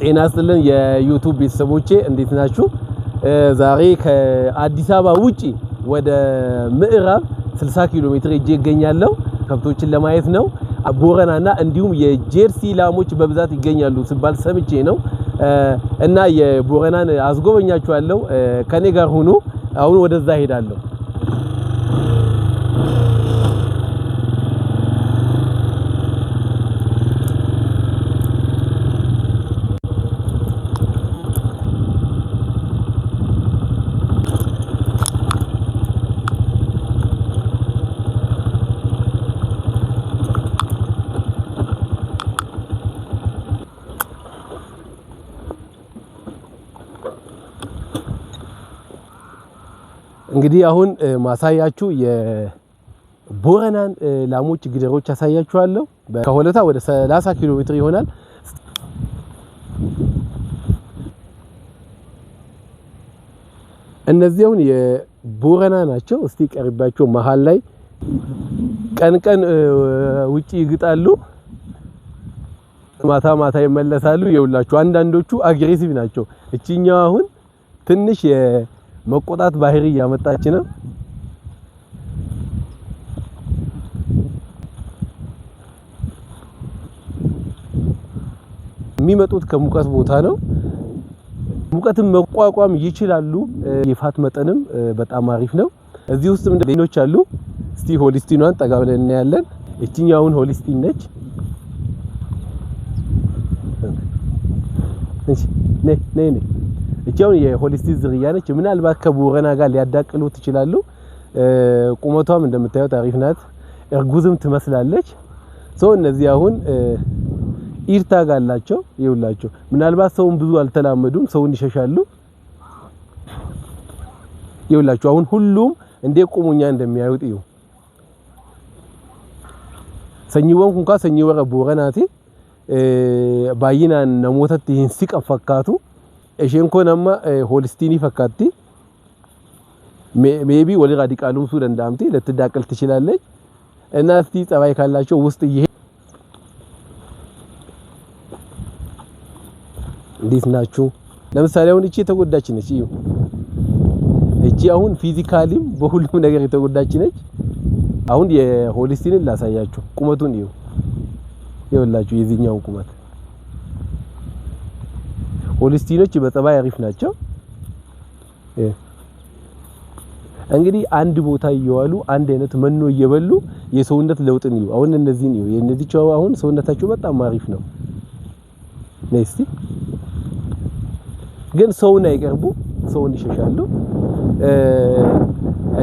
ጤና ይስጥልን የዩቱብ ቤተሰቦቼ እንዴት ናችሁ? ዛሬ ከአዲስ አበባ ውጪ ወደ ምዕራብ 60 ኪሎ ሜትር ሄጄ እገኛለሁ። ከብቶችን ለማየት ነው። ቦረናና እንዲሁም የጀርሲ ላሞች በብዛት ይገኛሉ ሲባል ሰምቼ ነው እና የቦረናን አስጎበኛችኋለሁ። ከኔ ጋር ሆኖ አሁን ወደዛ ሄዳለሁ። እንግዲህ አሁን ማሳያችሁ የቦረናን ላሞች ግደሮች ያሳያችኋለሁ። ከሆለታ ወደ 30 ኪሎ ሜትር ይሆናል። እነዚህ አሁን የቦረና ናቸው። እስቲ ቀርባቸው መሀል ላይ ቀን ቀን ውጪ ይግጣሉ፣ ማታ ማታ ይመለሳሉ። የውላችሁ አንዳንዶቹ አግሬሲቭ ናቸው። እችኛው አሁን ትንሽ መቆጣት ባህሪ እያመጣች ነው። የሚመጡት ከሙቀት ቦታ ነው። ሙቀትን መቋቋም ይችላሉ። የፋት መጠንም በጣም አሪፍ ነው። እዚህ ውስጥ ሌሎች አሉ። እስቲ ሆሊስቲኗን ጠጋ ብለን እናያለን። እችኛውን ሆሊስቲን ነች። ነይ ነይ ነይ እቻው የሆሊስቲክ ዝርያ ነች። ምናልባት ከቦረና ጋር ሊያዳቅሉ ትችላሉ። ቁመቷም እንደምታዩት አሪፍ ናት። እርጉዝም ትመስላለች። ሰው እነዚህ አሁን ኢርታ ጋላቸው ይውላቸው። ምናልባት ሰውን ብዙ አልተላመዱም፣ ሰውን ይሸሻሉ። ይውላቸው አሁን ሁሉም እንዴ ቁሙኛ እንደሚያዩት ይው ሰኝወን ኩንካ ሰኝወረ ቦረናቲ ባይናን ነሞተት ይህን ሲቀን isheen kun amma eh, hoolistiinii fakkaatti ሜቢ ወደ ራዲካሉም ሱ ደንዳምቲ ልትዳቀል ትችላለች እና እስቲ ጸባይ ካላቸው ውስጥ ይሄ እንዴት ናችሁ? ለምሳሌ አሁን እቺ የተጎዳች ነች። እዩ እቺ አሁን ፊዚካሊም በሁሉም ነገር የተጎዳች ነች። አሁን የሆሊስቲንን ላሳያችሁ ቁመቱን እዩ። ይኸውላችሁ የዚህኛውን ቁመት ሆሊስቲኖች በጠባይ አሪፍ ናቸው። እንግዲህ አንድ ቦታ እየዋሉ አንድ አይነት መኖ እየበሉ የሰውነት ለውጥ ነው። አሁን እነዚህ ነው የእነዚህ አሁን ሰውነታቸው በጣም አሪፍ ነው። ነስቲ ግን ሰውን አይቀርቡ፣ ሰውን ይሸሻሉ።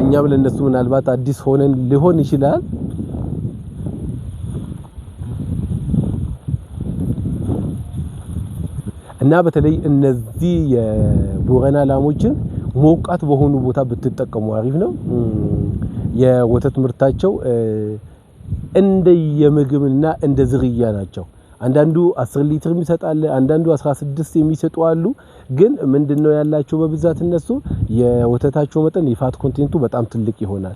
እኛም ለነሱ ምናልባት አዲስ ሆነን ሊሆን ይችላል። እና በተለይ እነዚህ የቦረና ላሞችን ሞቃት በሆኑ ቦታ ብትጠቀሙ አሪፍ ነው። የወተት ምርታቸው እንደ የምግብና እንደ ዝርያ ናቸው። አንዳንዱ 10 ሊትር ይሰጣል፣ አንዳንዱ 16 የሚሰጡ አሉ። ግን ምንድነው ያላቸው በብዛት እነሱ የወተታቸው መጠን የፋት ኮንቴንቱ በጣም ትልቅ ይሆናል።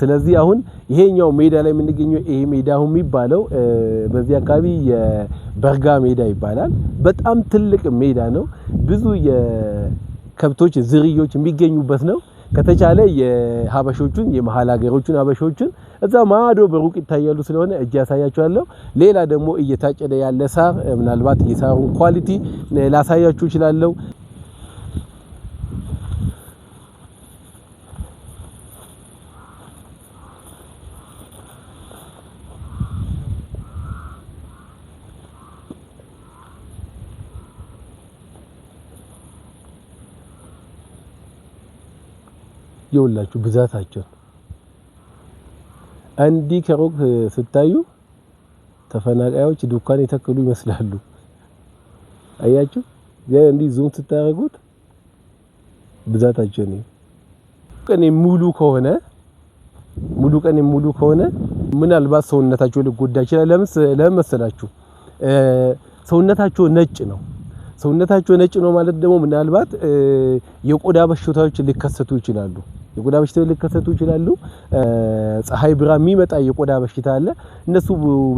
ስለዚህ አሁን ይሄኛው ሜዳ ላይ የምንገኘው ይሄ ሜዳ አሁን የሚባለው በዚህ አካባቢ የበርጋ ሜዳ ይባላል። በጣም ትልቅ ሜዳ ነው። ብዙ የከብቶች ዝርዮች የሚገኙበት ነው። ከተቻለ የሀበሾቹን የመሀል ሀገሮቹን ሀበሾቹን እዛ ማዶ በሩቅ ይታያሉ ስለሆነ እጅ ያሳያችኋለሁ። ሌላ ደግሞ እየታጨደ ያለ ሳር ምናልባት የሳሩን ኳሊቲ ላሳያችሁ እችላለሁ። የውላችሁ ብዛታቸው እንዲህ ከሩቅ ስታዩ ተፈናቃዮች ዱካን የተከሉ ይመስላሉ። አያችሁ፣ ያ እንዲህ ዙም ስታደርጉት ብዛታቸው ነው። ቀን ሙሉ ከሆነ ሙሉ ቀን ሙሉ ከሆነ ምናልባት ሰውነታቸው ሊጎዳ ይችላል። ለምስ ለምን መሰላችሁ? ሰውነታቸው ነጭ ነው። ሰውነታቸው ነጭ ነው ማለት ደግሞ ምናልባት የቆዳ በሽታዎች ሊከሰቱ ይችላሉ። የቆዳ በሽታ ሊከሰቱ ይችላሉ። ፀሐይ ብራ የሚመጣ የቆዳ በሽታ አለ። እነሱ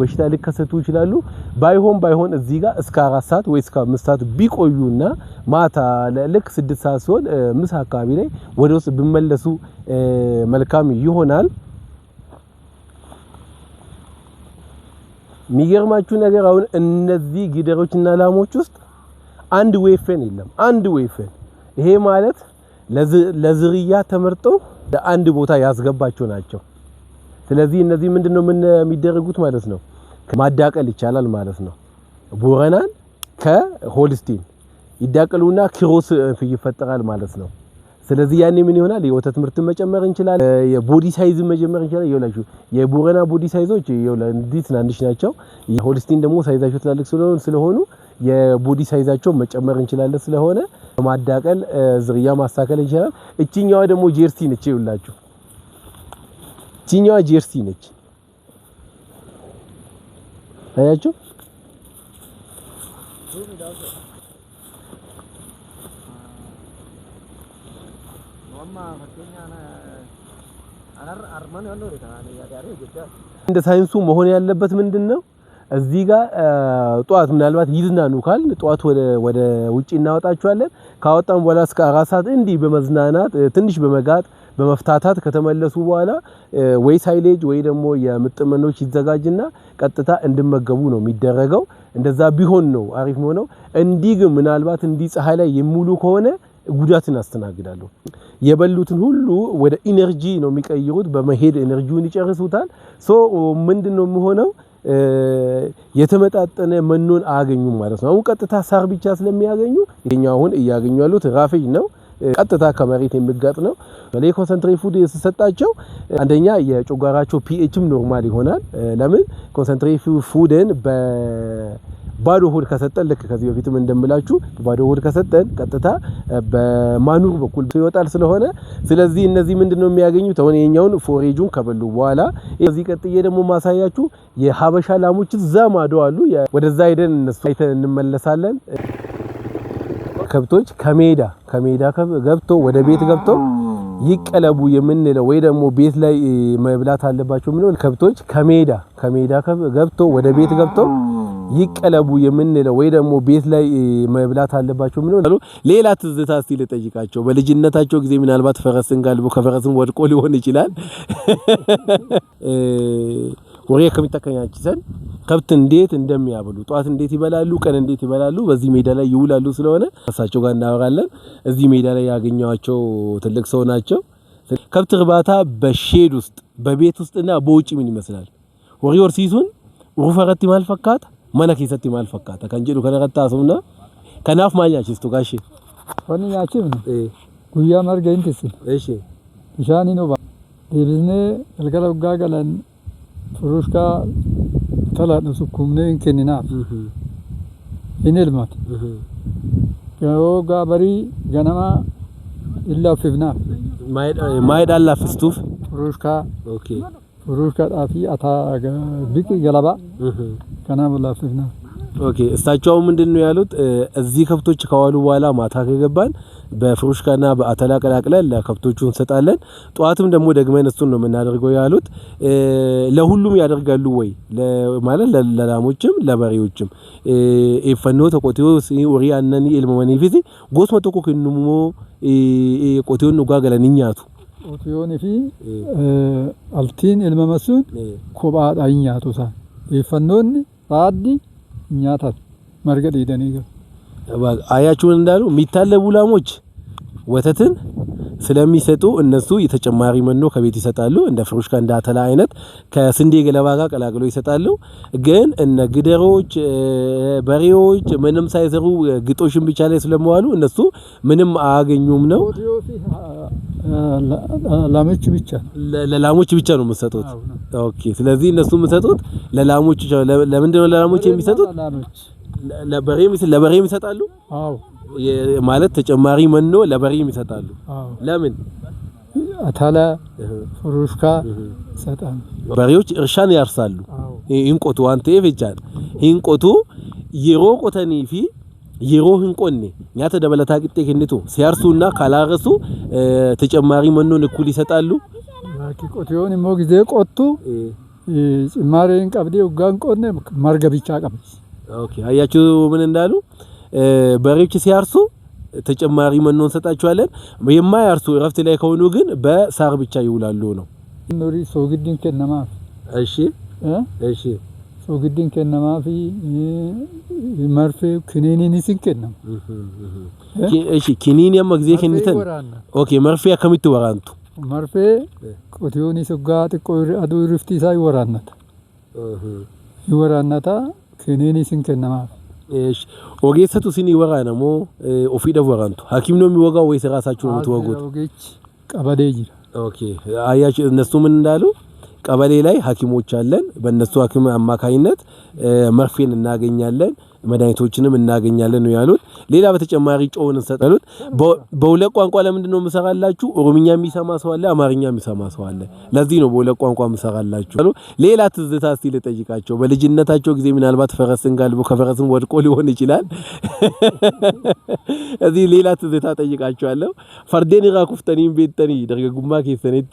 በሽታ ሊከሰቱ ይችላሉ። ባይሆን ባይሆን እዚህ ጋር እስከ አራት ሰዓት ወይ እስከ አምስት ሰዓት ቢቆዩና ማታ ልክ ስድስት ሰዓት ሲሆን ምሳ አካባቢ ላይ ወደ ውስጥ ቢመለሱ መልካም ይሆናል። የሚገርማችሁ ነገር አሁን እነዚህ ጊደሮችና ላሞች ውስጥ አንድ ወይፈን የለም። አንድ ወይፈን ይሄ ማለት ለዝርያ ተመርጦ ለአንድ ቦታ ያስገባቸው ናቸው። ስለዚህ እነዚህ ምንድነው ምን የሚደረጉት ማለት ነው? ማዳቀል ይቻላል ማለት ነው። ቦረናን ከሆልስቲን ይዳቀሉና ክሮስ ይፈጠራል ማለት ነው። ስለዚህ ያኔ ምን ይሆናል? የወተት ምርትን መጨመር እንችላለን። የቦዲ ሳይዝ መጨመር እንችላለን። ይኸውላችሁ የቦረና ቦዲ ሳይዞች እንዲህ ትናንሽ ናቸው። የሆልስቲን ደግሞ ሳይዛቸው ትላልቅ ስለሆኑ የቦዲ ሳይዛቸው መጨመር እንችላለን ስለሆነ ማዳቀል ዝርያ ማስተካከል ይችላል። እችኛዋ ደግሞ ጀርሲ ነች። ይውላችሁ እችኛዋ ጀርሲ ነች። አያችሁ እንደ ሳይንሱ መሆን ያለበት ምንድን ነው? እዚህ ጋር ጠዋት ምናልባት ይዝናኑ ካል ጠዋት ወደ ወደ ውጪ እናወጣቸዋለን። ካወጣን በኋላ እስከ አራት ሰዓት እንዲህ በመዝናናት ትንሽ በመጋጥ በመፍታታት ከተመለሱ በኋላ ወይ ሳይሌጅ ወይ ደግሞ የምጥመኖች ይዘጋጅና ቀጥታ እንዲመገቡ ነው የሚደረገው። እንደዛ ቢሆን ነው አሪፍ ሆነው። እንዲህ ግን ምናልባት እንዲህ ፀሐይ ላይ የሚሉ ከሆነ ጉዳትን አስተናግዳለሁ። የበሉትን ሁሉ ወደ ኢነርጂ ነው የሚቀይሩት። በመሄድ ኢነርጂውን ይጨርሱታል። ሶ ምንድነው የሚሆነው? የተመጣጠነ መኖን አያገኙም ማለት ነው። አሁን ቀጥታ ሳር ብቻ ስለሚያገኙ ይሄኛው አሁን እያገኙ ያሉት ራፊጅ ነው። ቀጥታ ከመሬት የሚጋጥ ነው። በላይ ኮንሰንትሬት ፉድ ሲሰጣቸው አንደኛ የጨጓራቸው ፒኤችም ኖርማል ይሆናል። ለምን ኮንሰንትሬት ፉድን በ ባዶ ሆድ ከሰጠን ልክ ከዚህ በፊትም እንደምላችሁ ባዶ ሆድ ከሰጠን ቀጥታ በማኑር በኩል ይወጣል ስለሆነ ስለዚህ እነዚህ ምንድነው የሚያገኙት አሁን የኛውን ፎሬጁን ከበሉ በኋላ እዚህ ቀጥዬ ደግሞ ማሳያችሁ የሀበሻ ላሞች እዛ ማዶ አሉ ወደዛ ሄደን እነሱ አይተን እንመለሳለን ከብቶች ከሜዳ ከሜዳ ገብቶ ወደ ቤት ገብቶ ይቀለቡ የምንለው ወይ ደግሞ ቤት ላይ መብላት አለባቸው የምንለው ከብቶች ከሜዳ ከሜዳ ገብቶ ወደ ቤት ገብቶ ይቀለቡ የምንለው ወይ ደግሞ ቤት ላይ መብላት አለባቸው ምን ነው ሌላ ትዝታ እስቲ ልጠይቃቸው። በልጅነታቸው ጊዜ ምናልባት ፈረስን ጋልቦ ከፈረስን ወድቆ ሊሆን ይችላል ወሬ ከሚታከኛችሰን ከብት እንዴት እንደሚያብሉ ጧት እንዴት ይበላሉ፣ ቀን እንዴት ይበላሉ፣ በዚህ ሜዳ ላይ ይውላሉ ስለሆነ እሳቸው ጋር እናወራለን። እዚህ ሜዳ ላይ ያገኘዋቸው ትልቅ ሰው ናቸው። ከብት እርባታ በሼድ ውስጥ በቤት ውስጥና በውጭ ምን ይመስላል? ወሪዮር ሲሱን ሩፈረት ማልፈካት mana keessatti maal fakkaata kan jedhu kana irratti haasofna. Kanaaf maal nyaachiftu gaashee? Wanni nyaachifnu guyyaa marga hin tissin. Bishaaniin oba. Deebisnee galgala waggaa galan furushkaa talaadhu sukkuumnee hin kenninaaf. Hin elmatu. Yoo gaabarii ganama hin laaffifnaaf. Maayidhaan laaffistuuf? Furushkaa. Furushkaadhaa fi ataa biqi galabaa. ቀና ብላፍና ኦኬ እሳቸው ምንድን ነው ያሉት? እዚህ ከብቶች ከዋሉ በኋላ ማታ ከገባን በፍሩሽካና በአተላ ቀላቅለን ለከብቶቹ እንሰጣለን። ጠዋትም ደግሞ ደግመን እሱን ነው የምናደርገው ያሉት። ለሁሉም ያደርጋሉ ወይ ማለት ለላሞችም ለበሬዎችም ኤፈኖ ተቆቴዮ ሪ አነኒ ኤልመመኒ ፊ ጎስመ ቶኮ ክንሞ ቆቴዮን ኑጋገለን እኛቱ ቆቴዮን ፊ አልቲን ኤልመመሱን ኮባዳ እኛቱሳ ኤፈኖን baaddi nyaataaf marga dheedanii galu. አያችሁን እንዳሉ የሚታለቡ ላሞች ወተትን ስለሚሰጡ እነሱ የተጨማሪ መኖ ከቤት ይሰጣሉ። እንደ ፍሩሽካ እንደ አተላ አይነት ከስንዴ ገለባ ጋር ቀላቅሎ ይሰጣሉ። ግን እነ ግደሮች፣ በሬዎች ምንም ሳይዘሩ ግጦሽን ብቻ ላይ ስለመዋሉ እነሱ ምንም አያገኙም ነው። ላሞች ብቻ ለላሞች ብቻ ነው የምትሰጡት? ኦኬ። ስለዚህ እነሱ የምትሰጡት ለላሞች ለምንድን ነው ለላሞች የሚሰጡት? ለበሬም ለበሬም ይሰጣሉ። አዎ ማለት ተጨማሪ መኖ ለበሬም ይሰጣሉ። ለምን አታላ ፍሩሽካ ይሰጣሉ። በሬዎች እርሻን ያርሳሉ። ይንቆቱ አንተ ይፈጃል ይንቆቱ የሮ ቆተኒ ፊ የሮ ሂንቆኔ ኛተ ደበለታ ቅጤ ክንቱ ሲያርሱና ካላረሱ ተጨማሪ መኖን እኩል ይሰጣሉ። ቆትዮን ሞ ጊዜ ቆቱ ጭማሬን ቀብዴ ውጋን ቆኔ መርገ ቀብስ ኦኬ አያችሁ ምን እንዳሉ በሬዎች ሲያርሱ ተጨማሪ መኖ እንሰጣቸዋለን። የማያርሱ እረፍት ላይ ከሆኑ ግን በሳር ብቻ ይውላሉ ነው። ኑሪ ሶግዲን ከነማ እሺ፣ እሺ ሶግዲን ከነማ ፊ መርፌ ክኒኒን ሲንከና እሺ ክኒኒ ማግዚህ ጊዜ ኦኬ መርፌ ከሚት ወራንቱ መርፌ ቆትዮኒ ሱጋ ቆይ አዱ ሪፍቲ ሳይ ወራናታ ይወራናታ Kiniinii isin kennamaaf. Ogeessatu isinii waraana moo ofiidhaaf waraantu? Hakiimni namni wagaa ወይስ ራሳችሁ ነው የምትወጉት? ወጌች ቀበሌ ጅራ ኦኬ። አያች እነሱ ምን እንዳሉ ቀበሌ ላይ ሐኪሞች hakim በእነሱ ሐኪም አማካኝነት መርፌን እናገኛለን። መድኃኒቶችንም እናገኛለን ነው ያሉት። ሌላ በተጨማሪ ጨውን እንሰጣሉት። በሁለት ቋንቋ ለምንድን ነው የምሰራላችሁ? ኦሮምኛ የሚሰማ ሰው አለ፣ አማርኛ የሚሰማ ሰው አለ። ለዚህ ነው በሁለት ቋንቋ የምሰራላችሁ። ሌላ ትዝታ እስቲ ልጠይቃቸው። በልጅነታቸው ጊዜ ምናልባት ፈረስን ጋልቦ ከፈረስን ወድቆ ሊሆን ይችላል። እዚህ ሌላ ትዝታ ጠይቃቸዋለሁ። ፈርዴን ራ ኩፍተኒን ቤተኒ ደርገጉማ ኬሰኔቲ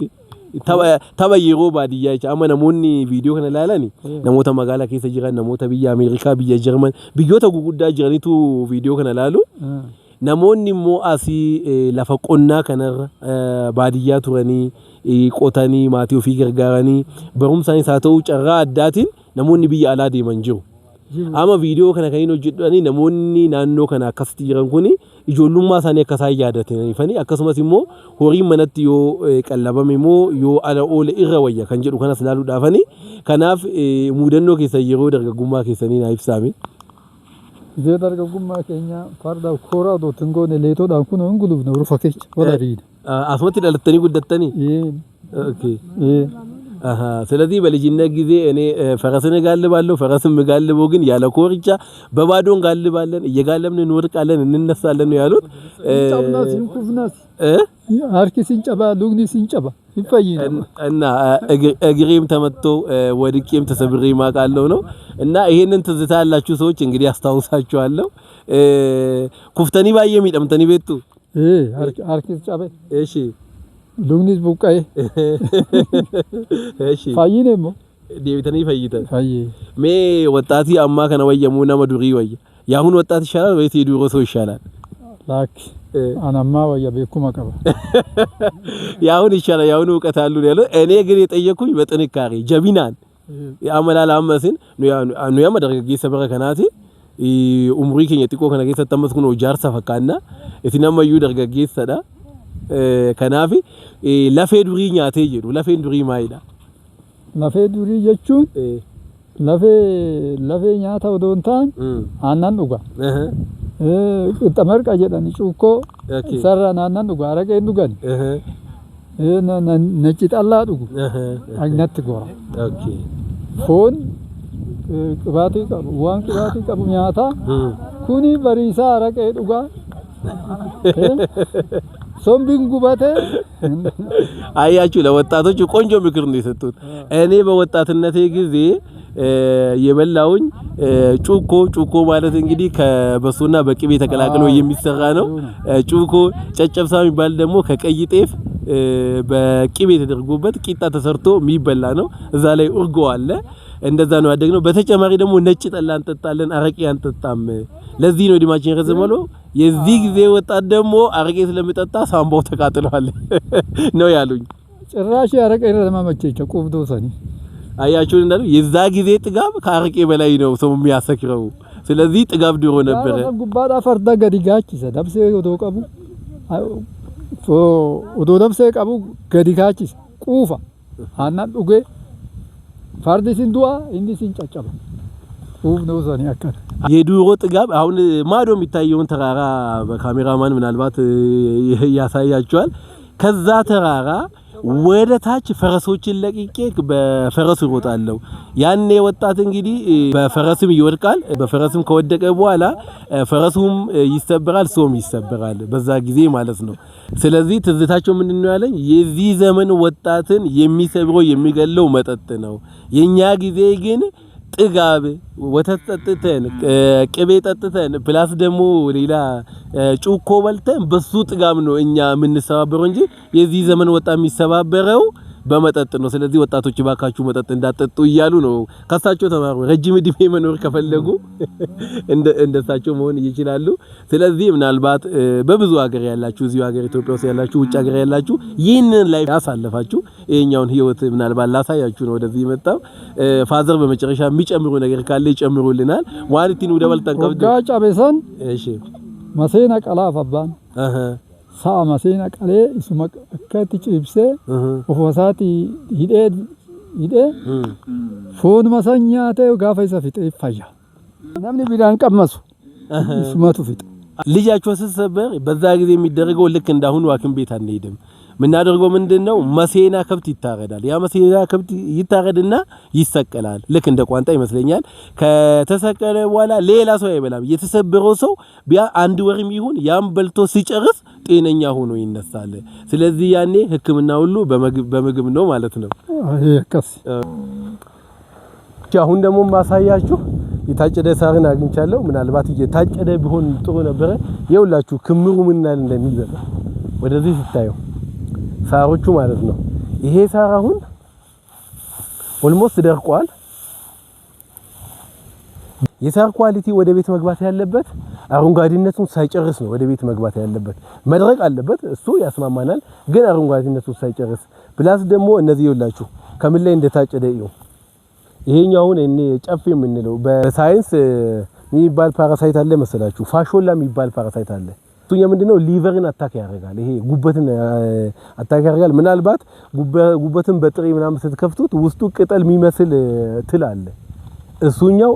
tapha yeroo baadiyyaa jecha amma namoonni viidiyoo kana ilaalani namoota magaalaa keessa jiran namoota biyya Ameerikaa biyya Jarman biyyoota gurguddaa jiranitu viidiyoo kana ilaalu namoonni immoo asii lafa qonnaa kanarra baadiyyaa turanii qotanii maatii ofii gargaaranii barumsaanis haa ta'u carraa addaatiin namoonni biyya alaa deeman jiru. Amma viidiyoo kana kan hin hojjedhani namoonni naannoo kana akkasitti jiran kuni ijoollummaa isaanii akka yaadatanii akkasumas immoo horiin manatti yoo qallabame immoo yoo ala oole irra wayya kan jedhu kanas laaluudhaafani kanaaf muudannoo keessan yeroo dargaggummaa keessanii naa ibsaame. Zee dargaggummaa keenya kooraa otoo kooraadoo goone leetoodhaan kun hin gulufne rufa keessa walaariidha. Asumatti dhalattanii guddattanii? ስለዚህ በልጅነት ጊዜ እኔ ፈረስን እጋልባለሁ። ፈረስም እጋልበው ግን ያለ ኮርቻ በባዶ እንጋልባለን፣ እየጋለምን እንወድቃለን፣ እንነሳለን ነው ያሉት። አርኪ ሲንጨባ ሲንጨባ ሉግኒ እና እግሬም ተመቶ ወድቄም ተሰብሬ ማቃለው ነው። እና ይሄንን ትዝታ ያላችሁ ሰዎች እንግዲህ አስታውሳችኋለሁ። ኩፍተኒ ባየ የሚጠምተኒ ቤቱ አርኪ እሺ Lubnis buqqa'e. Fayyi deemmoo. Deebitanii fayyitan. Fayyi. Mee wattaatii ammaa kana wayyamuu nama durii wayya. Yaahuun wattaati ይሻላል ወይስ የድሮ ሰው ይሻላል? ላክ አናማ ወያ ቤኩማ ቀባ ያሁን ይሻላል ያሁን እውቀት አሉ ያለው እኔ ግን የጠየኩኝ በጥንካሬ ጀቢናን የአመላል አመስን ኑ ያማ ደረገ ሰበረ ከናቲ ኡምሪ ከኛ ጥቆ ከነገ ተተመስኩ ነው ጃርሳ ፈካና እቲ ነመዩ ደረገ ሰዳ Kanaaf lafee durii nyaatee jedhu lafeen durii maalidha? Lafee durii jechuun lafee lafee nyaata odoo hin taane aannan dhuga. Qixa marqa jedhani cuukkoo sararaan aannan dhuga araqeen dhugan. ነጭ ጠላ አድጉ አግነት ጎራ ፎን ቅባቴ ቀቡ ዋን ቅባቴ ቀቡ ኛታ ኩኒ በሪሳ አረቀ ዱጋ ሶምቢን ጉባተ አያችሁ፣ ለወጣቶች ቆንጆ ምክር ነው የሰጡት። እኔ በወጣትነቴ ጊዜ የበላውኝ ጩኮ ጩኮ ማለት እንግዲህ ከበሶና በቅቤ ተቀላቅሎ የሚሰራ ነው። ጩኮ ጨጨብሳ የሚባል ደግሞ ከቀይ ጤፍ በቅቤ ተደርጎበት ቂጣ ተሰርቶ የሚበላ ነው። እዛ ላይ እርጎ አለ። እንደዛ ነው ያደግነው። በተጨማሪ ደግሞ ነጭ ጠላ እንጠጣለን፣ አረቄ አንጠጣም። ለዚህ ነው ዲማችን ረዘመሎ። የዚህ ጊዜ ወጣት ደግሞ አረቄ ስለሚጠጣ ሳምባው ተቃጥሏል ነው ያሉኝ። ጭራሽ አረቄ ለማመቸኝ ቁብዶ ሰኒ አያችሁን እንዳሉ የዛ ጊዜ ጥጋብ ከአረቄ በላይ ነው ሰው የሚያሰክረው። ስለዚህ ጥጋብ ድሮ ነበረ። ጉባዳ ፈርዳ ገዲጋች ሰዳብሴ ወዶ ቀቡ ወዶ ደብሴ ቀቡ ገዲጋች ቁፋ አና ዱጌ ፋርዲ ሲንዱዋ እንዲ ሲንጫጫሉ ውብ ነው። ዛኔ አካል የዱሮ ጥጋብ አሁን ማዶ የሚታየውን ተራራ በካሜራማን ምናልባት ያሳያችኋል። ከዛ ተራራ ወደ ታች ፈረሶችን ለቅቄ በፈረስ ይሮጣለሁ። ያኔ ወጣት እንግዲህ በፈረስም ይወድቃል። በፈረስም ከወደቀ በኋላ ፈረሱም ይሰበራል፣ ሰውም ይሰበራል በዛ ጊዜ ማለት ነው። ስለዚህ ትዝታቸው ምንድን ነው ያለኝ የዚህ ዘመን ወጣትን የሚሰብረው የሚገለው መጠጥ ነው። የኛ ጊዜ ግን ጥጋብ ወተት ጠጥተን ቅቤ ጠጥተን ፕላስ ደግሞ ሌላ ጩኮ በልተን በሱ ጥጋብ ነው እኛ የምንሰባበረው እንጂ የዚህ ዘመን ወጣ የሚሰባበረው በመጠጥ ነው። ስለዚህ ወጣቶች ባካችሁ መጠጥ እንዳጠጡ እያሉ ነው። ከሳቸው ተማሩ። ረጅም እድሜ መኖር ከፈለጉ እንደሳቸው መሆን ይችላሉ። ስለዚህ ምናልባት በብዙ ሀገር ያላችሁ እዚሁ ሀገር ኢትዮጵያ ውስጥ ያላችሁ ውጭ ሀገር ያላችሁ ይህንን ላይ ያሳለፋችሁ ይሄኛውን ህይወት ምናልባት ላሳያችሁ ነው ወደዚህ የመጣው ፋዘር። በመጨረሻ የሚጨምሩ ነገር ካለ ይጨምሩልናል። ዋልቲን ወደ በልጠን ከብዱ ጋጫ ቤሰን እሺ መሴና ቀላፋባን haamasiin aqalee isuma itti cibsee ofuma isaati hidhee hidhee hmm. foonuma san nyaatee gaafa isa fixe fayya. Namni bidhaan qabmasu isumatu fixa። ልጃቸው ስትሰበር በዛ ጊዜ የሚደረገው ልክ እንዳሁኑ ሐኪም ቤት አንሄድም። የምናደርገው ምንድን ነው? መሴና ከብት ይታረዳል። ያ መሴና ከብት ይታረድና ይሰቀላል። ልክ እንደ ቋንጣ ይመስለኛል። ከተሰቀለ በኋላ ሌላ ሰው አይበላም። የተሰበረው ሰው ቢያ አንድ ወርም ይሁን ያም በልቶ ሲጨርስ ጤነኛ ሆኖ ይነሳል። ስለዚህ ያኔ ህክምና ሁሉ በምግብ ነው ማለት ነው። አሁን ደግሞ ማሳያችሁ የታጨደ ሳርን አግኝቻለሁ። ምናልባት እየታጨደ ቢሆን ጥሩ ነበረ። የሁላችሁ ክምሩ ምናል እንደሚበዛ ወደዚህ ስታዩ ሳሮቹ ማለት ነው። ይሄ ሳር አሁን ኦልሞስት ደርቋል። የሳር ኳሊቲ ወደ ቤት መግባት ያለበት አረንጓዴነቱን ሳይጨርስ ነው። ወደ ቤት መግባት ያለበት መድረቅ አለበት፣ እሱ ያስማማናል። ግን አረንጓዴነቱን ሳይጨርስ ፕላስ ደግሞ እነዚህ ይውላችሁ ከምን ላይ እንደታጨደ ይው ይሄኛውን እኔ ጨፌ የምንለው በሳይንስ የሚባል ፓራሳይት አለ መሰላችሁ፣ ፋሾላ የሚባል ፓራሳይት አለ። እሱኛ ምንድነው ሊቨርን አታክ ያደርጋል። ይሄ ጉበትን አታክ ያደርጋል። ምናልባት ጉበትን በጥሬ ምናምን ስትከፍቱት ውስጡ ቅጠል የሚመስል ትል አለ እሱኛው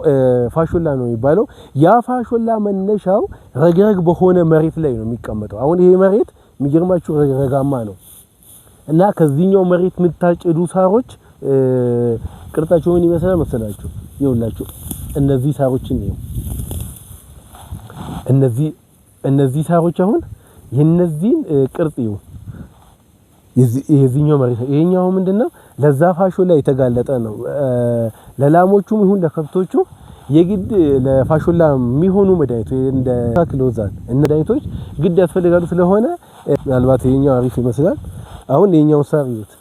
ፋሾላ ነው የሚባለው። ያ ፋሾላ መነሻው ረግረግ በሆነ መሬት ላይ ነው የሚቀመጠው። አሁን ይሄ መሬት የሚገርማችሁ ረግረጋማ ነው እና ከዚህኛው መሬት የምታጭዱ ሳሮች ቅርጻቸው ምን ይመስላል መሰላችሁ? ይኸውላችሁ እነዚህ ሳሮችን ነው እነዚህ እነዚህ ሳሮች አሁን የነዚህን ቅርጽ ይው የዚህኛው መሬት ይሄኛው ምንድነው ለዛ ፋሾ ላይ የተጋለጠ ነው። ለላሞቹም ይሁን ለከብቶቹ የግድ ለፋሾላ የሚሆኑ መድኃኒቶች እንደ ክሎዛን እና መድኃኒቶች ግድ ያስፈልጋሉ። ስለሆነ ምናልባት የኛው አሪፍ ይመስላል። አሁን የኛው ሳር ይዩት።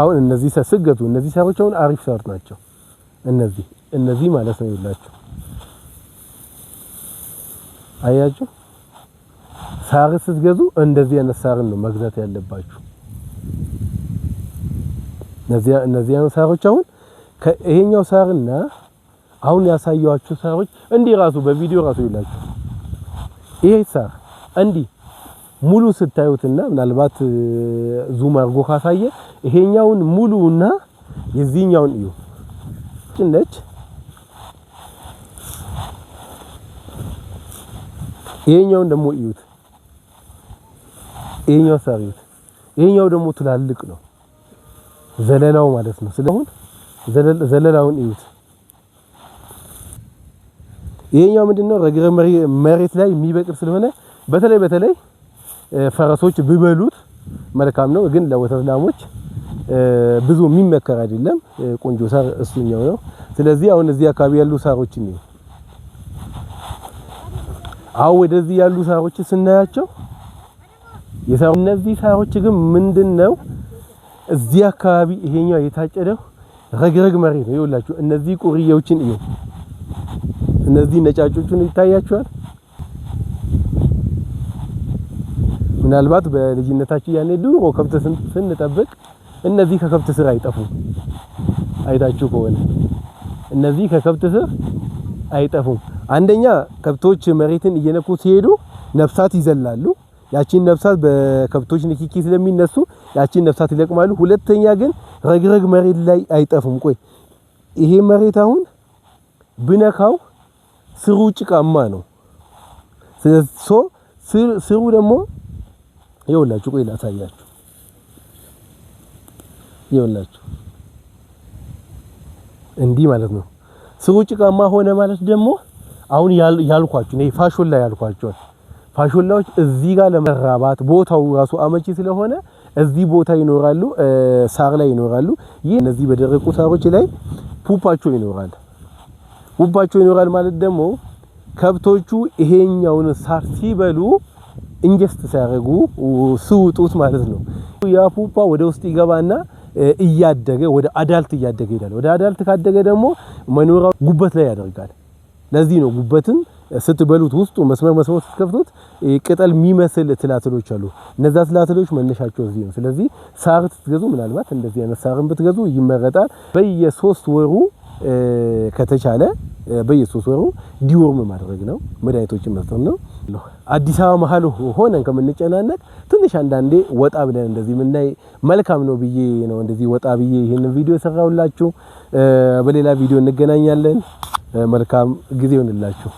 አሁን እነዚህ ሰስገቱ እነዚህ ሳሮች አሁን አሪፍ ሳር ናቸው። እነዚህ እነዚህ ማለት ነው ይላችሁ አያችሁ። ሳር ስትገዙ እንደዚህ አይነት ሳርን ነው መግዛት ያለባችሁ። እነዚያ እነዚያ ሳሮች አሁን ከይሄኛው ሳርና አሁን ያሳየዋችሁ ሳሮች እንዲህ ራሱ በቪዲዮ ራሱ ይላችሁ ይሄ ሳር እንዲህ ሙሉ ስታዩትና ምናልባት ዙም አርጎ ካሳየ ይሄኛውን ሙሉና የዚህኛውን እዩ ነች። ይሄኛውን ደግሞ እዩት። ይሄኛው ሳቢት፣ ይሄኛው ደግሞ ትላልቅ ነው ዘለላው ማለት ነው። ስለሆነ ዘለላውን እዩት። ይሄኛው ምንድነው ረግረ መሬት ላይ የሚበቅል ስለሆነ በተለይ በተለይ ፈረሶች ቢበሉት መልካም ነው፣ ግን ለወተት ላሞች ብዙ የሚመከር አይደለም። ቆንጆ ሳር እሱኛው ነው። ስለዚህ አሁን እዚህ አካባቢ ያሉ ሳሮችን ነው አው ወደዚህ ያሉ ሳሮች ስናያቸው የሰው እነዚህ ሳሮች ግን ምንድነው እዚህ አካባቢ ይሄኛው የታጨደው ረግረግ መሬት ነው። ይኸውላችሁ እነዚህ ቁርዬዎችን እዩ። እነዚህ ነጫጮቹን ይታያችኋል። ምናልባት በልጅነታችን ያኔ ድሮ ከብት ስንጠብቅ እነዚህ ከከብት ስር አይጠፉም። አይታችሁ ከሆነ እነዚህ ከከብት ስር አይጠፉም። አንደኛ ከብቶች መሬትን እየነኩ ሲሄዱ ነፍሳት ይዘላሉ። ያቺን ነፍሳት በከብቶች ንክኪ ስለሚነሱ ያቺን ነፍሳት ይለቅማሉ። ሁለተኛ ግን ረግረግ መሬት ላይ አይጠፉም። ቆይ ይሄ መሬት አሁን ብነካው ስሩ ጭቃማ ነው። ሶ ስሩ ደግሞ ይኸውላችሁ፣ ቆይ ላሳያችሁ። ይኸውላችሁ እንዲህ ማለት ነው። ስሩ ጭቃማ ሆነ ማለት ደግሞ አሁን ያልኳችሁ ነው ፋሾን ላይ ያልኳችኋል ፋሾላዎች እዚህ ጋር ለመራባት ቦታው ራሱ አመቺ ስለሆነ እዚህ ቦታ ይኖራሉ፣ ሳር ላይ ይኖራሉ። ይህ እነዚህ በደረቁ ሳሮች ላይ ፑፓቸው ይኖራል። ፑፓቸው ይኖራል ማለት ደግሞ ከብቶቹ ይሄኛውን ሳር ሲበሉ እንጀስት ሲያደርጉ ሲውጡት ማለት ነው። ያ ፑፓ ወደ ውስጥ ይገባና እያደገ ወደ አዳልት እያደገ ይሄዳል። ወደ አዳልት ካደገ ደግሞ መኖሪያው ጉበት ላይ ያደርጋል። ለዚህ ነው ጉበትን ስትበሉት ውስጡ መስመር መስመር ስትከፍቱት ቅጠል የሚመስል ትላትሎች አሉ። እነዛ ትላትሎች መነሻቸው እዚህ ነው። ስለዚህ ሳር ስትገዙ ምናልባት እንደዚህ አይነት ሳርን ብትገዙ ይመረጣል። በየሶስት ወሩ ከተቻለ በየሶስት ወሩ ዲወርም ማድረግ ነው። መድኃኒቶችን መስጠት ነው። አዲስ አበባ መሀል ሆነን ከምንጨናነቅ ትንሽ አንዳንዴ ወጣ ብለን እንደዚህ ምናይ መልካም ነው ብዬ ነው እንደዚህ ወጣ ብዬ ይህንን ቪዲዮ የሰራሁላችሁ። በሌላ ቪዲዮ እንገናኛለን። መልካም ጊዜ ይሆንላችሁ።